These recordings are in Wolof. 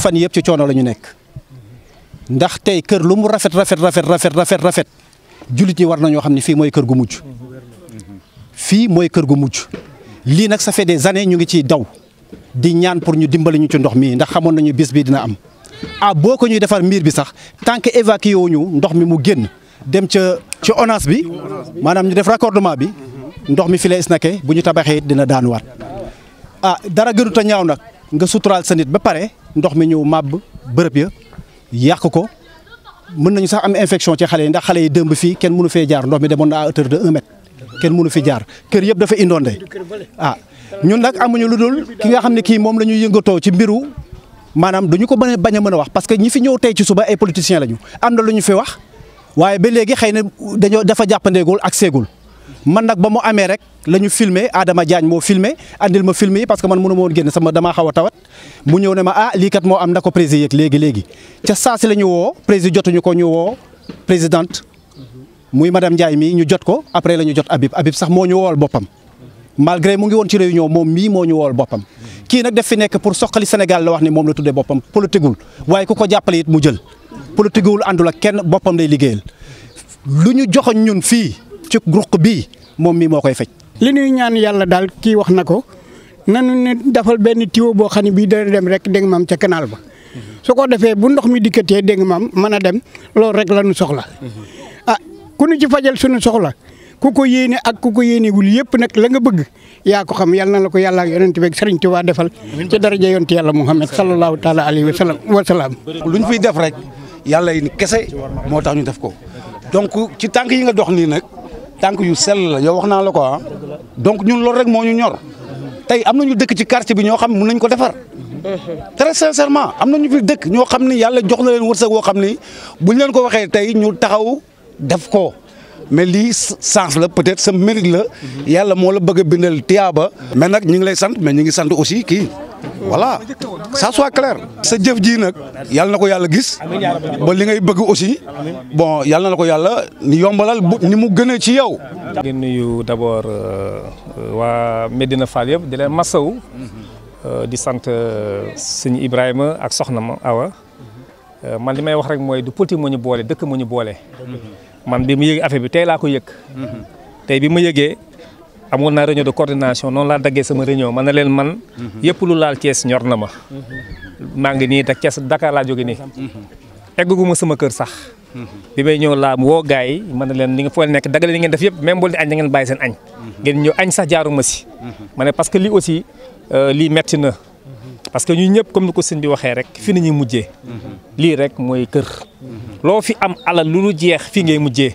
fan yëpp ci coono la ñu nekk ndax tey kër lu mu rafet rafet rafet rafet rafet rafet jullit ñi war na ñoo xam ne fii mooy kër gu mujj fii mooy kër gu mujj lii nag ça fait des années ñu ngi ciy daw di ñaan pour ñu dimbali ñu ci ndox mii ndax xamoon nañu bis bi dina am ah boo ko ñuy defar miir bi sax tant que évacué wu ñu ndox mi mu génn dem ca ci ONAS bi maanaam ñu def raccordement bi ndox mi fi lay snacké bu ñu tabaxee it dina daanuwaat ah dara gënut a ñaaw nag nga suturaal sa nit ba pare ndox mi ñëw màbb bërëb ya yàq ko mën nañu sax am infection ci xale yi ndax xale yi dëmb fii kenn mënu fee jaar mi demoon na à hauteur kenn mënu fi jaar kër yëpp dafa inondé ah ñun nag amuñu lu dul ki nga xam ne kii moom la ñuy yëngatoo ci mbiru maanaam dañu ko bañ a bañ a mën a wax parce que ñi fi ñëw tey ci suba ay politiciens lañu am na lu ñu fi wax waaye ba léegi xëy na dañoo dafa jàppandeegul ak seegul man nak ba amé rek lañu ñu filmé Adama Diagne mo filmé andil ma filmé parce que man mënu mo guen sama dama xaw tawat mu ñew ne ma ah li kat mo am na ko président yëg léegi léegi ca saa si la ñu président jotuñu ko ñu wo présidente muy madame Ndiaye mii ñu jot ko après lañu jot Habib Habib sax mo ñu wol bopam malgré mu ngi won ci réunion mom mi mo ñu wol bopam ki nak def fi nek pour soqali Sénégal la wax ni mom la tuddé bopam politiqueul waye kuko jappalé it mu jël politiqueul andul ak kenn bopam lay liggéeyal luñu ñu ñun fi ci groupe bi mom mi mokay fecc li ñuy ñaan yalla dal ki wax nako nanu ne dafal ben tiwo bo xani bi dara dem rek deng mam ci canal ba su ko defé bu ndox mi dikété deng mam mëna dem lool rek lañu soxla ah ku ñu ci fajal suñu soxla ku ko yéene ak ku ko yéene wul yépp nak la nga bëgg ya ko xam yalla nako yalla yonent bi serigne touba defal ci daraaje yonent yalla muhammad sallallahu taala alaihi wasallam wa salam luñ fi def rek yalla yi kessé motax ñu def ko donc ci tank yi nga dox ni nak tànk yu sell la yow wax naa la ko ah donc ñun loolu rek moo ñu ñor tey am na ñu dëkk ci quartier bi ñoo xam mun nañ ko defar très sincèrement am na ñu fi dëkk ñoo xam ni yàlla jox na leen wërsëg woo xam ni buñ leen ko waxee tey ñu taxaw def ko mais lii sens la peut-être sa mérite la mhm. yàlla moo la bëgg a bindal tiyaaba mais nag ñu ngi lay sant mais ñu ngi sant aussi kii voilà ça soit clair sa jëf ji nak yalla nako yalla gis ba li ngay bëgg aussi bon yalla nako yalla ni yombalal ni mu gëna ci yow ngi nuyu d'abord euh, euh, wa medina fall yeb di len massaw mhm. euh, di sante seigne ibrahima ak soxna ma awa man limay wax rek moy du politique moñu bolé dëkk moñu bolé mhm. man bi mu yëg affaire bi tay la ko yëg mhm. tay bi mu yëgé amoon naa réunion de coordination noonu laa daggee sama réunion ma na leen man. yëpp lu laal Thiès ñor na ma. maa ngi nii te Thiès Dakar laa jóge nii. eggaguma sama kër sax. bi may ñëw laam woo gars yi ma ne leen ni nga foo nekk dagale ni ngeen def yëpp même bu di añ da ngeen bàyyi seen añ. ngeen ñëw añ sax jaaruma si. ma ne parce que lii aussi euh, lii metti na. parce que ñun ñëpp comme ni ko sëñ bi waxee rek fi nañuy mujjee. lii rek mooy kër. loo fi am alal lu lu jeex fii ngay mujjee.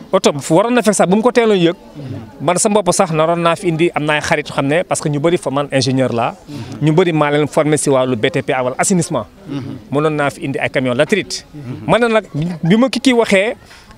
oto waroon na fekk sax bu mu ko teeloon yëg man sa bopp sax naroon naa fi indi am naay xarit xam ne parce que ñu bari fa man ingénieur la mhm. ñu bëri maa leen si wàllu BTP ak wàllu assainissement mhm. mënoon naa fi indi ay camion latérite ma nag bi ma kii waxee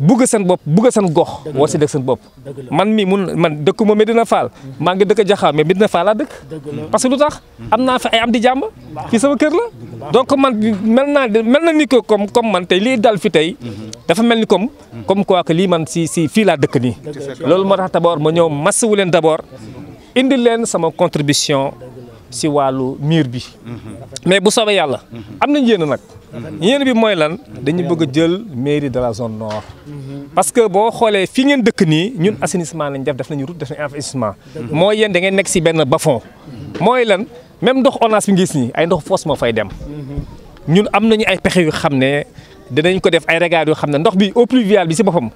bugg seen bopp bugg seen gox war si dëkk seen bopp man mii mun man dëkkuma Medina Fall mm-hmm. maa ngi dëkk Jaxaar mais Medina Fall laa dëkk parce que lu tax mm-hmm. am naa fi ay am di jàmm fii sama kër la donc man mel na ni ko comme man tey lii dal fi tey mm-hmm. dafa mel ni comme comme quoi que lii man si fii laa dëkk nii loolu moo tax d'abord ma ñëw masawu leen d'abord indi leen sama contribution si wàllu miir bi. mais bu soobee yàlla. am nañ yéen nag. yéen bi mooy lan dañu bëgg jël mairie de la zone nord. parce que boo xoolee fii ngeen dëkk nii ñun assainissement lañ def def nañu route def nañu investissement. mooy yéen da ngeen nekk si benn bafon. mooy lan même ndox ONAS bi ngis nii ay ndox foos moo fay dem. ñun am nañu ay pexe yu xam ne. dinañ ko def ay regard yo xamna ndox bi au pluviale bi ci bopam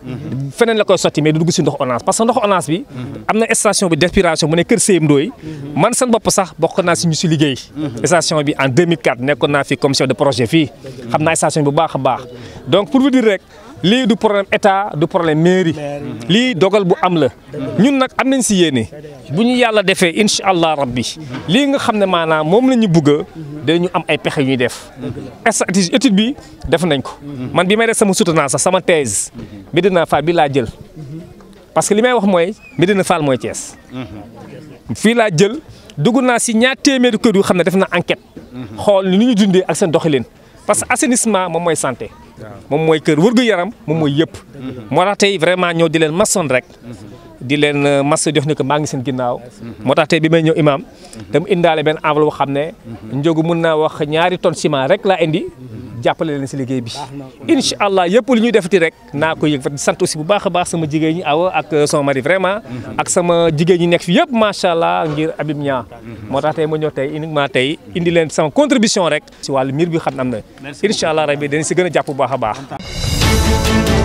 feneen la koy sotti mais du dugg si ndox onance parce que ndox onance bi. amna station bi d'expiration mu ne Kër seyem doy man seen bop sax bokk na ci ñu ci liggéey. station bi en 2004 nekkoon naa fi commission de projet fi xamna station bu baaxa baax donc pour vous dire rek li du problème état du problème mairie li dogal bu am la ñun nak am nañ ci yéene buñu yalla défé inshallah allah rabbi li nga xamné ne mom lañu bëgg a dañu am ay pexé yu ñuy def étude bi def nañ ko man bi may def sama soutenance sama thèse medina fa bi la jël parce que li may wax moy medina fa moy Thiès fi la jël duguna ci ñaat ñaar téeméeri kër yu xamné ne def na enquête xol ni ñu dundé ak seen doxalin parce que assainissement mom moy santé moom mooy kër wërgu yaram moom mooy yëpp. moo tax tey vraiment ñëw di leen masoon rek. di leen euh, mas jox ni ko maa ngi seen ginnaaw. moo tax tey bi may ñëw imam. dama indaale benn enveloppe boo xam ne. njóogu mun naa wax ñaari tonnes ciment rek laa indi. jàppale leen si liggéey bi incha allah yëpp li ñuy defati rek naa ko yëg di sant bu baax a baax sama jigéen ñi aw ak son mari vraiment mhm. ak sama jigéen ñi nekk fi yëpp macha allah ngir Habib Niang mhm. moo tax tey ma ñëw tey uniquement tey indi leen sama contribution rek si wàllu miir bi xam am na incha allah rabi dinañ si gën a jàpp baax a baax